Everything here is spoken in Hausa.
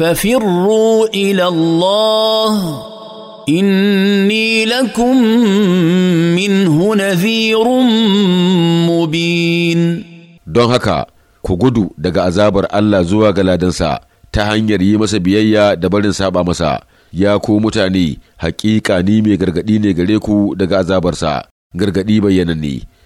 ففروا الى الله اني لكم منه نذير مبين don haka ku gudu daga azabar Allah zuwa ga ladansa ta hanyar yi masa biyayya da barin saba masa ya ku mutane hakika ni mai gargadi ne gare ku daga azabarsa gargadi ne